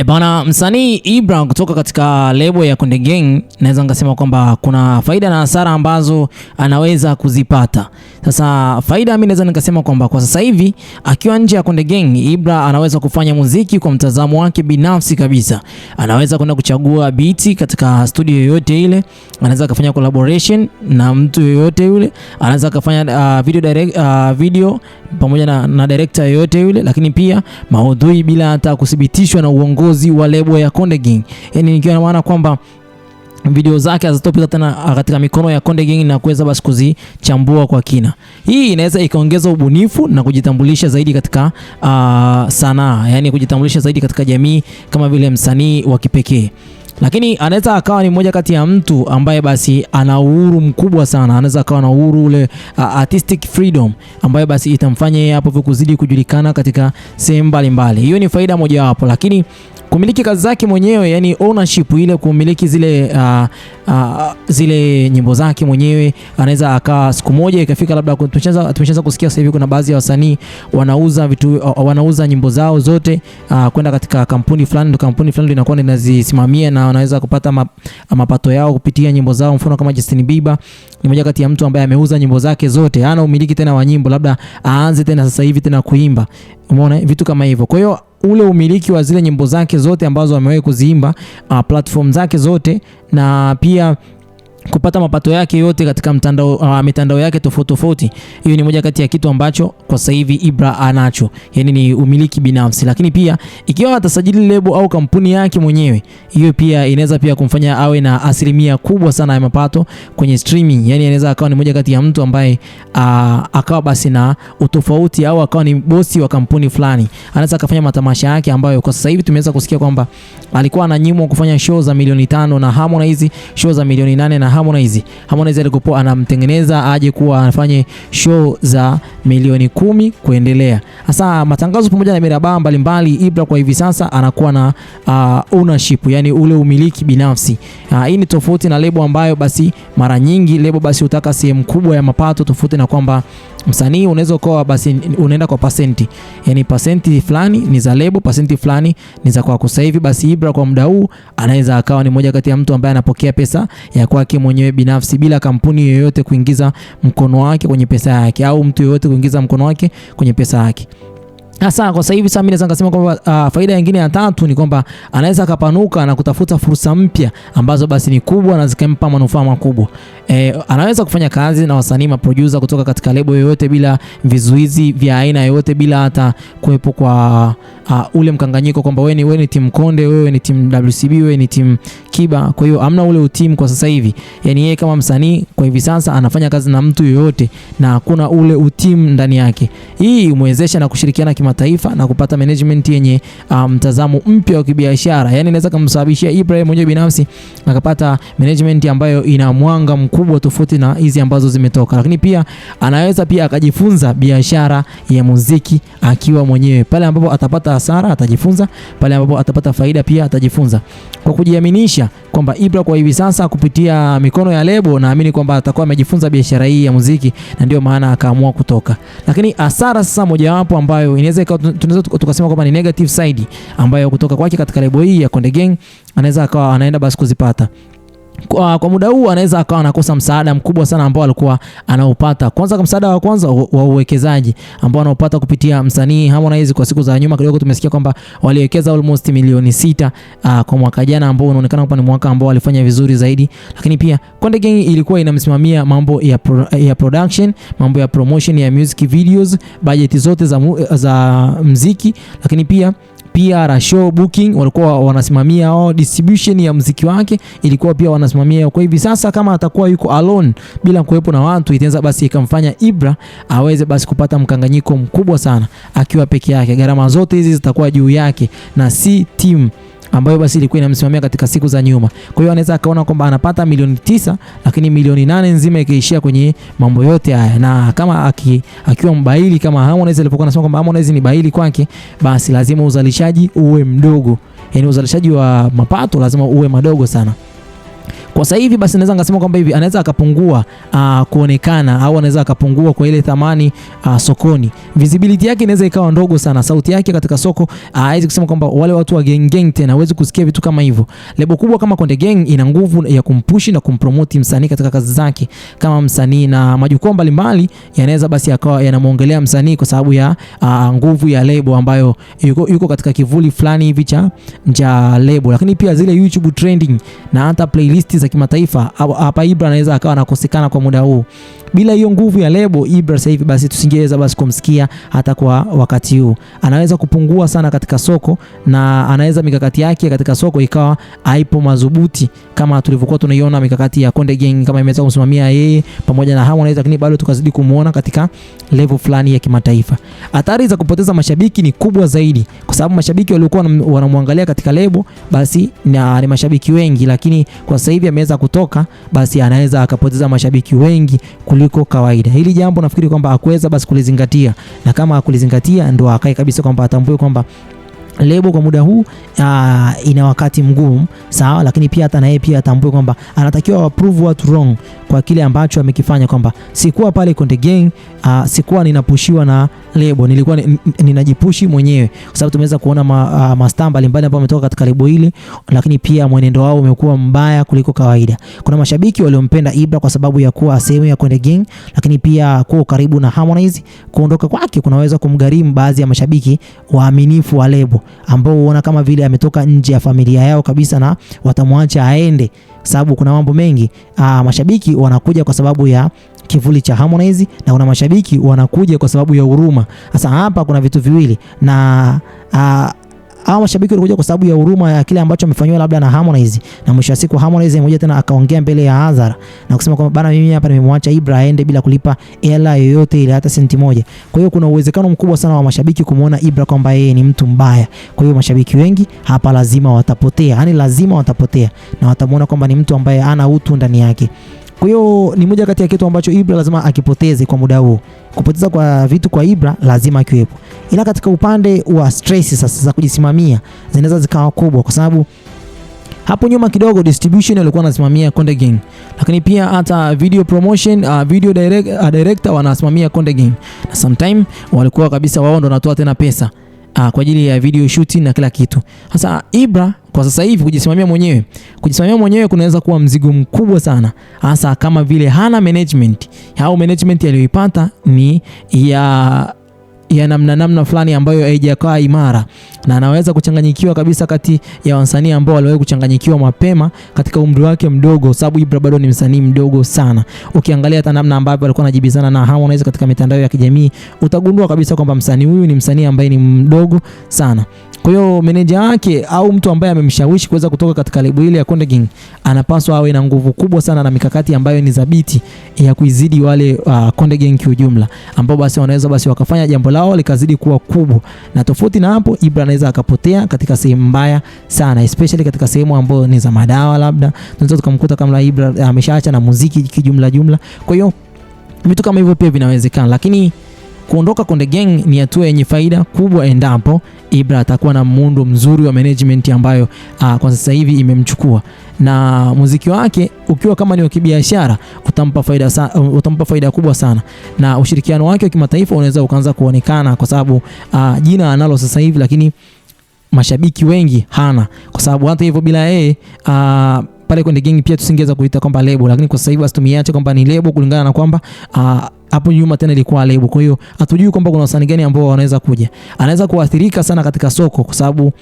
E bana, msanii Ibra kutoka katika lebo ya Konde Gang, naweza ngasema kwamba kuna faida na hasara ambazo anaweza kuzipata. Sasa faida mimi naweza nikasema kwamba kwa sasa hivi akiwa nje ya Konde Gang, Ibra anaweza kufanya muziki kwa mtazamo wake binafsi kabisa. Anaweza kwenda kuchagua beat katika studio yoyote ile, anaweza akafanya collaboration na mtu yoyote yule, anaweza kufanya uh, video direct, uh, video pamoja na, na director yoyote yule, lakini pia maudhui bila hata kuthibitishwa na uongozi wa lebo ya Konde Gang. yani nikiwa na maana kwamba video zake hazitopita tena ah, katika mikono ya Konde Gang na kuweza basi kuzichambua kwa kina. Hii inaweza ikaongeza ubunifu na kujitambulisha zaidi katika uh, sanaa, yani kujitambulisha zaidi katika jamii kama vile msanii wa kipekee lakini anaweza akawa ni mmoja kati ya mtu ambaye basi ana uhuru mkubwa sana, anaweza akawa na uhuru ule uh, artistic freedom ambayo basi itamfanya yeye hapo kuzidi kujulikana katika sehemu mbalimbali. Hiyo ni faida mojawapo, lakini kumiliki kazi zake mwenyewe, yani ownership ile kumiliki zile uh, uh, zile nyimbo zake mwenyewe. Anaweza akaa siku moja ikafika, labda tumeshaanza kusikia sasa hivi kuna baadhi ya wasanii wanauza vitu uh, wanauza nyimbo zao zote uh, kwenda katika kampuni fulani, kampuni fulani inakuwa inazisimamia na wanaweza kupata ma, uh, mapato yao kupitia nyimbo zao. Mfano kama Justin Bieber ni moja kati ya mtu ambaye ameuza nyimbo zake zote, hana umiliki tena wa nyimbo, labda aanze tena sasa hivi tena kuimba, umeona vitu kama hivyo, kwa hiyo ule umiliki wa zile nyimbo zake zote ambazo amewahi kuziimba, uh, platform zake zote na pia kupata mapato yake yote katika mtandao, uh, mitandao yake tofauti tofauti. Hiyo ni moja kati ya kitu ambacho kwa sasa hivi Ibra anacho, yani ni umiliki binafsi. Lakini pia ikiwa atasajili lebo au kampuni yake mwenyewe, hiyo pia inaweza pia kumfanya awe na asilimia kubwa sana ya mapato kwenye streaming, yani anaweza akawa ni moja kati ya mtu ambaye uh, akawa basi na utofauti au akawa ni bosi wa kampuni fulani, anaweza akafanya matamasha yake ambayo kwa sasa hivi tumeweza kusikia kwamba alikuwa ananyimwa kufanya show za milioni tano na Harmonize, show za milioni nane na Harmonize. Harmonize alikuwa anamtengeneza aje kuwa anafanye show za milioni kumi kuendelea. Sasa matangazo pamoja na miraba mbalimbali, Ibra kwa hivi sasa anakuwa na uh, ownership, yani ule umiliki binafsi. Uh, hii ni tofauti na lebo ambayo basi mara nyingi lebo basi hutaka sehemu kubwa ya mapato tofauti na kwamba msanii unaweza ukawa basi unaenda kwa pasenti, yani pasenti fulani ni za lebo, pasenti fulani ni za kwako. Sasa hivi basi Ibra kwa muda huu anaweza akawa ni moja kati ya mtu ambaye anapokea pesa ya kwake mwenyewe binafsi bila kampuni yoyote kuingiza mkono wake kwenye pesa yake au mtu yoyote kuingiza mkono wake kwenye pesa yake. Hasa kwa sasa hivi sasa mimi naweza nikasema kwamba uh, faida nyingine ya tatu ni kwamba anaweza akapanuka na kutafuta fursa mpya ambazo basi ni kubwa na zikampa manufaa makubwa. E, anaweza kufanya kazi na wasanii maproducer kutoka katika lebo yoyote bila vizuizi vya aina yoyote bila hata kuwepo kwa uh, ule mkanganyiko kwamba wewe ni wewe ni timu Konde, wewe ni timu WCB, wewe ni timu Kiba. Kwa hiyo amna ule utimu kwa sasa hivi. Yaani yeye kama msanii kwa hivi sasa anafanya kazi na mtu yoyote na hakuna ule utimu ndani yake. Hii umwezesha na kushirikiana kima kimataifa na kupata management yenye ah, mtazamo um, mpya wa kibiashara. Yani inaweza kumsababishia Ibrahim mwenyewe binafsi akapata management ambayo ina mwanga mkubwa tofauti na hizi ambazo zimetoka, lakini pia anaweza pia akajifunza biashara ya muziki akiwa mwenyewe. Pale ambapo atapata hasara atajifunza, pale ambapo atapata faida pia atajifunza. Kwa kujiaminisha kwamba Ibra kwa hivi sasa kupitia mikono ya lebo, naamini kwamba atakuwa amejifunza biashara hii ya muziki na ndio maana akaamua kutoka. Lakini hasara sasa mojawapo ambayo inaweza tunaweza tukasema kwamba ni negative side ambayo kutoka kwake katika lebo hii ya Konde Gang anaweza akawa anaenda basi kuzipata kwa, kwa muda huu anaweza akawa anakosa msaada mkubwa sana ambao alikuwa anaupata. Kwanza kwa msaada wa kwanza wa uwekezaji ambao anaupata kupitia msanii Harmonize. Kwa siku za nyuma kidogo tumesikia kwamba waliwekeza almost milioni sita uh, kwa mwaka jana ambao unaonekana kwamba ni mwaka ambao alifanya vizuri zaidi, lakini pia Konde Gang ilikuwa inamsimamia mambo ya, pro, ya production, mambo ya promotion ya music videos, bajeti zote za, za mziki lakini pia pia show Booking walikuwa wanasimamia au distribution ya mziki wake ilikuwa pia wanasimamia. Kwa hivi sasa kama atakuwa yuko alone bila kuwepo na watu, itaanza basi ikamfanya Ibra aweze basi kupata mkanganyiko mkubwa sana akiwa peke yake. Gharama zote hizi zitakuwa juu yake na si timu ambayo basi ilikuwa inamsimamia katika siku za nyuma. Kwa hiyo anaweza akaona kwamba anapata milioni tisa lakini milioni nane nzima ikaishia kwenye mambo yote haya, na kama aki, akiwa mbaili kama Harmonize alipokuwa anasema kwamba Harmonize ni baili kwake, basi lazima uzalishaji uwe mdogo, yani uzalishaji wa mapato lazima uwe madogo sana. Kwa sasa hivi basi naweza ngasema kwamba hivi anaweza akapungua uh, kuonekana au anaweza akapungua kwa ile thamani uh, sokoni. Visibility yake inaweza ikawa ndogo sana, sauti yake katika soko ah, haiwezi uh, kusema kwamba wale watu wa gang gang tena hawezi kusikia vitu kama hivyo. Lebo kubwa kama Konde Gang ina nguvu ya kumpushi na kumpromote msanii katika kazi zake kama msanii, na majukwaa mbalimbali yanaweza basi yakawa yanamuongelea msanii kwa sababu ya uh, nguvu ya lebo ambayo yuko, yuko katika kivuli fulani hivi cha lebo, lakini pia zile YouTube trending na hata playlist za kimataifa, hapa Ibra anaweza akawa anakosekana kwa muda huu. Bila hiyo nguvu ya lebo Ibra sasa hivi basi tusingeweza basi kumsikia hata kwa wakati huu. Anaweza kupungua sana katika soko na anaweza mikakati yake katika soko ikawa haipo madhubuti kama tulivyokuwa tunaiona mikakati ya Konde Gang kama imeweza kumsimamia yeye pamoja na Hamu anaweza, lakini bado tukazidi kumuona katika level fulani ya kimataifa. Hatari za kupoteza mashabiki ni kubwa zaidi kwa sababu mashabiki waliokuwa wanamwangalia katika lebo basi na, ah, ni mashabiki wengi, lakini kwa sasa hivi ameweza kutoka, basi anaweza akapoteza mashabiki wengi kuli kuliko kawaida. Hili jambo nafikiri kwamba akuweza basi kulizingatia, na kama hakulizingatia ndo akae kabisa kwamba atambue kwamba lebo kwa muda huu ah, ina wakati mgumu, sawa, lakini pia hata naye pia atambue kwamba anatakiwa approve watu wrong kwa kile ambacho amekifanya, kwamba sikuwa pale Konde Gang, uh, sikuwa ninapushiwa na lebo, nilikuwa ninajipushi mwenyewe, kwa sababu tumeweza kuona ma, uh, mastaa mbalimbali ambao wametoka katika lebo hili, lakini pia mwenendo wao umekuwa mbaya kuliko kawaida. Kuna mashabiki waliompenda Ibra kwa sababu ya kuwa sehemu ya Konde Gang, lakini pia kuwa karibu na Harmonize. Kuondoka kwake kunaweza kumgharimu baadhi ya mashabiki waaminifu wa lebo ambao huona kama vile ametoka nje ya familia yao kabisa na watamwacha aende sababu kuna mambo mengi aa, ah, mashabiki wanakuja kwa sababu ya kivuli cha Harmonize na kuna mashabiki wanakuja kwa sababu ya huruma. Sasa hapa kuna vitu viwili na ah, hao mashabiki walikuja kwa sababu ya huruma ya kile ambacho amefanywa labda na Harmonize, na mwisho wa siku Harmonize mmoja tena akaongea mbele ya hadhara na kusema kwamba bana, mimi hapa nimemwacha Ibra aende bila kulipa hela yoyote ile, hata senti moja. Kwa hiyo kuna uwezekano mkubwa sana wa mashabiki kumuona Ibra kwamba yeye ni mtu mbaya. Kwa hiyo mashabiki wengi hapa lazima watapotea, yani lazima watapotea na watamuona kwamba ni mtu ambaye ana utu ndani yake. Kwa hiyo ni moja kati ya kitu ambacho Ibra lazima akipoteze kwa muda huu kupoteza kwa vitu kwa Ibra lazima akiwepo, ila katika upande wa stress sasa za kujisimamia zinaweza zikawa kubwa, kwa sababu hapo nyuma kidogo distribution alikuwa anasimamia Konde Gang, lakini pia hata video promotion, uh, video direct, uh, director wanasimamia Konde Gang, na sometime walikuwa kabisa wao ndo wanatoa tena pesa uh, kwa ajili ya video shooting na kila kitu. Sasa Ibra kwa sasa hivi kujisimamia mwenyewe, kujisimamia mwenyewe kunaweza kuwa mzigo mkubwa sana, hasa kama vile hana management au management aliyoipata ni ya ya namna namna fulani ambayo haijakaa imara, na anaweza kuchanganyikiwa kabisa kati ya wasanii ambao waliwahi kuchanganyikiwa mapema katika umri wake mdogo, sababu Ibra bado ni msanii mdogo sana. Ukiangalia hata namna ambavyo alikuwa anajibizana na Harmonize katika mitandao ya kijamii, utagundua kabisa kwamba msanii huyu ni msanii ambaye ni mdogo sana. Kwa hiyo meneja wake au mtu ambaye amemshawishi kuweza kutoka katika lebo ile ya Konde Gang anapaswa awe na nguvu kubwa sana na mikakati ambayo ni thabiti ya kuizidi wale uh, Konde Gang kiujumla, ambao basi wanaweza basi wakafanya jambo la lao likazidi kuwa kubwa, na tofauti na hapo, Ibra anaweza akapotea katika sehemu mbaya sana, especially katika sehemu ambayo ni za madawa, labda tunaweza tukamkuta kama Ibra ameshaacha na muziki kijumla jumla. Kwa hiyo vitu kama hivyo pia vinawezekana, lakini Kuondoka Konde Gang ni hatua yenye faida kubwa endapo Ibra atakuwa na muundo mzuri wa management ambayo uh, kwa sasa hivi imemchukua na muziki wake ukiwa kama ni wa kibiashara utampa faida sana, utampa faida kubwa sana, na ushirikiano wake wa kimataifa unaweza ukaanza kuonekana kwa sababu uh, jina analo sasa hivi, lakini mashabiki wengi hana, kwa sababu hata hivyo bila yeye uh, pale Konde Gang pia tusingeweza kuita kwamba lebo, lakini kwa sasa hivi asitumiache kwamba ni lebo kulingana na kwamba uh, hapo nyuma tena ilikuwa lebu. Kwa hiyo hatujui kwamba kuna wasanii gani ambao wanaweza kuja. Anaweza kuathirika sana katika soko kwa sababu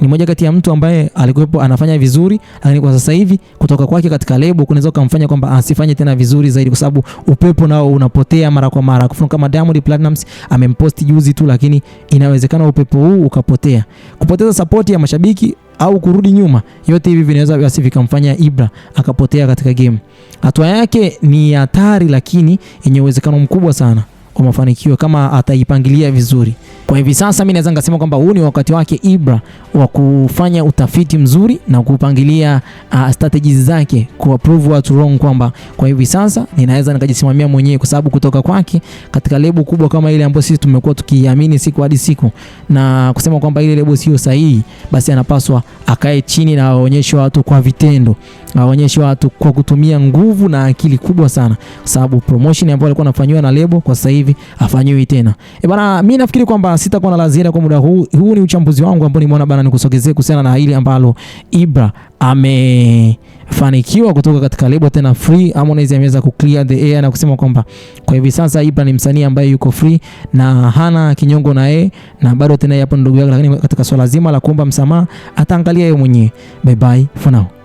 ni moja kati ya mtu ambaye alikuwepo anafanya vizuri, lakini kwa sasa hivi kutoka kwake katika lebo kunaweza kumfanya kwamba asifanye tena vizuri zaidi, kwa sababu upepo nao unapotea mara kwa mara. Kwa kama Diamond Platnumz amemposti juzi tu, lakini inawezekana upepo huu ukapotea. Kupoteza sapoti ya mashabiki au kurudi nyuma, yote hivi vinaweza basi vikamfanya Ibra akapotea katika game. Hatua yake ni hatari, lakini yenye uwezekano mkubwa sana kwa mafanikio kama ataipangilia vizuri. Kwa hivi sasa mimi naweza ngasema kwamba huu ni wakati wake Ibra wa kufanya utafiti mzuri na kupangilia uh, strategies zake ku prove watu wrong kwamba kwa hivi sasa ninaweza nikajisimamia mwenyewe, kwa sababu kutoka kwake katika lebo kubwa kama ile ambayo sisi tumekuwa tukiamini siku hadi siku na kusema kwamba ile lebo sio sahihi, basi anapaswa akae chini na aonyeshe watu kwa vitendo, aonyeshe watu kwa kutumia nguvu na akili kubwa sana, kwa sababu promotion ambayo alikuwa anafanywa na lebo kwa sasa hivi hivi afanyiwi tena. E bana, mimi nafikiri kwamba sitakuwa na la ziada kwa muda huu. Huu ni uchambuzi wangu ambao nimeona bana nikusogezee kuhusiana na hili ambalo Ibra amefanikiwa kutoka katika lebo tena free. Harmonize ameweza ku clear the air na kusema kwamba kwa hivi sasa Ibra ni msanii ambaye yuko free na hana kinyongo na yeye, na bado tena yapo ndugu yake, lakini katika swala zima la kuomba msamaha ataangalia yeye mwenyewe. Bye bye for now.